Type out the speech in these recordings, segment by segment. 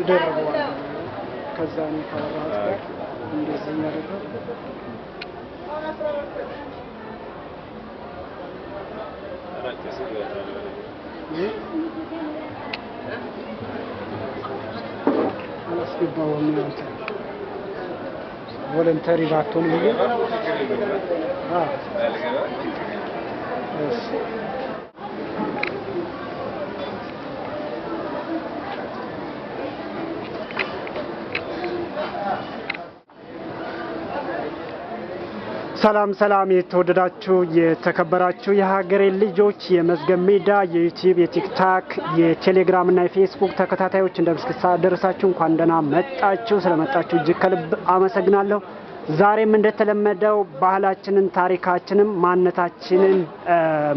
እደርበዋለሁ። ከዛ እኔ ካወራሁት ጋር እንደዚህ ያደረገው አላስገባውም። ያንተ ቮለንተሪ ባትሆን ብዬ ሰላም ሰላም የተወደዳችሁ የተከበራችሁ የሀገሬ ልጆች የመዝገብ ሜዳ የዩቲዩብ የቲክታክ የቴሌግራም እና የፌስቡክ ተከታታዮች እንደምስክሳ ደረሳችሁ እንኳን ደህና መጣችሁ ስለመጣችሁ እጅግ ከልብ አመሰግናለሁ ዛሬም እንደተለመደው ባህላችንን ታሪካችንም ማንነታችንን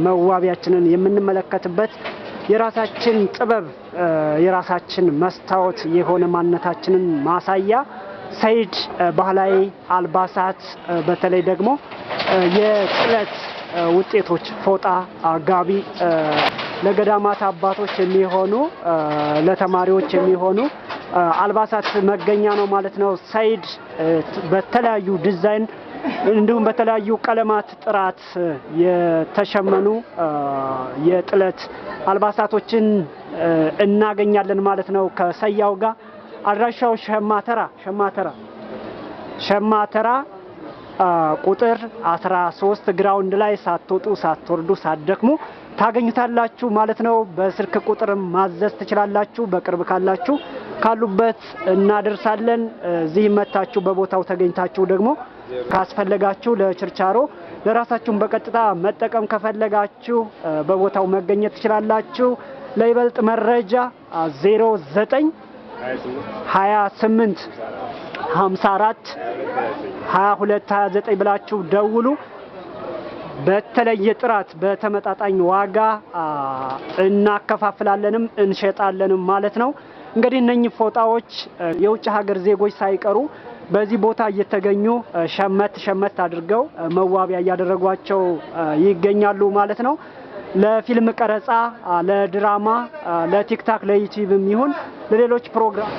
መዋቢያችንን የምንመለከትበት የራሳችን ጥበብ የራሳችን መስታወት የሆነ ማንነታችንን ማሳያ ሰይድ ባህላዊ አልባሳት በተለይ ደግሞ የጥለት ውጤቶች ፎጣ፣ ጋቢ ለገዳማት አባቶች የሚሆኑ ለተማሪዎች የሚሆኑ አልባሳት መገኛ ነው ማለት ነው። ሰይድ በተለያዩ ዲዛይን እንዲሁም በተለያዩ ቀለማት ጥራት የተሸመኑ የጥለት አልባሳቶችን እናገኛለን ማለት ነው። ከሰያው ጋር አድራሻው ሸማተራ ሸማተራ ሸማተራ ቁጥር 13 ግራውንድ ላይ ሳትወጡ ሳትወርዱ ሳትደክሙ ታገኙታላችሁ ማለት ነው። በስልክ ቁጥር ማዘዝ ትችላላችሁ። በቅርብ ካላችሁ ካሉበት እናደርሳለን። እዚህ መታችሁ በቦታው ተገኝታችሁ ደግሞ ካስፈለጋችሁ ለችርቻሮ ለራሳችሁን በቀጥታ መጠቀም ከፈለጋችሁ በቦታው መገኘት ትችላላችሁ። ለይበልጥ መረጃ 09 28 54 22 29 ብላችሁ ደውሉ። በተለየ ጥራት በተመጣጣኝ ዋጋ እናከፋፍላለንም እንሸጣለንም ማለት ነው። እንግዲህ እነኚህ ፎጣዎች የውጭ ሀገር ዜጎች ሳይቀሩ በዚህ ቦታ እየተገኙ ሸመት ሸመት አድርገው መዋቢያ እያደረጓቸው ይገኛሉ ማለት ነው። ለፊልም ቀረጻ፣ ለድራማ፣ ለቲክታክ፣ ለዩቲዩብም ይሁን ለሌሎች ፕሮግራም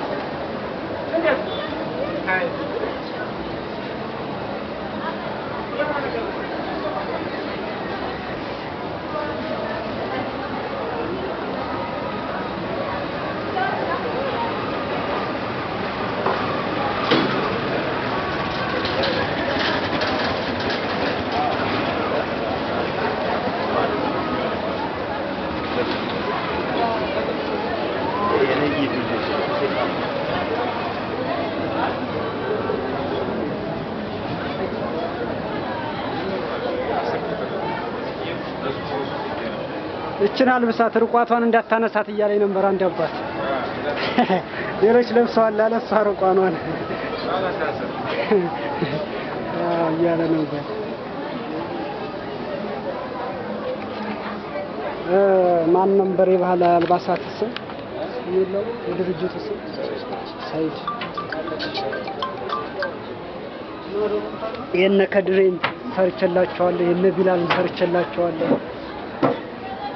እችን አልብሳት ርቋቷን እንዳታነሳት እያለኝ ነበር አንድ አባት። ሌሎች ለብሰዋል አለ እሷ ርቋኗን እያለ ነበር። ማን ነበር የባህል አልባሳት ስም የሚለው የድርጅቱ ስም ሰይድ የነ ከድሬን ሰርቼላቸዋለሁ፣ የነ ቢላልን ሰርቼላቸዋለሁ።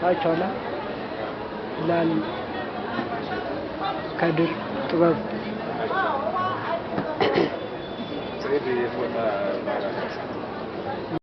አይቼዋለሁ። ላል ከድር ጥበብ